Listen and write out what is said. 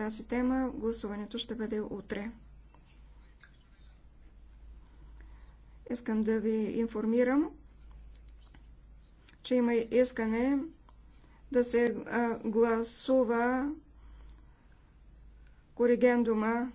тази тема. Гласуването ще бъде утре. Искам да ви информирам, че има искане да се гласува коригендума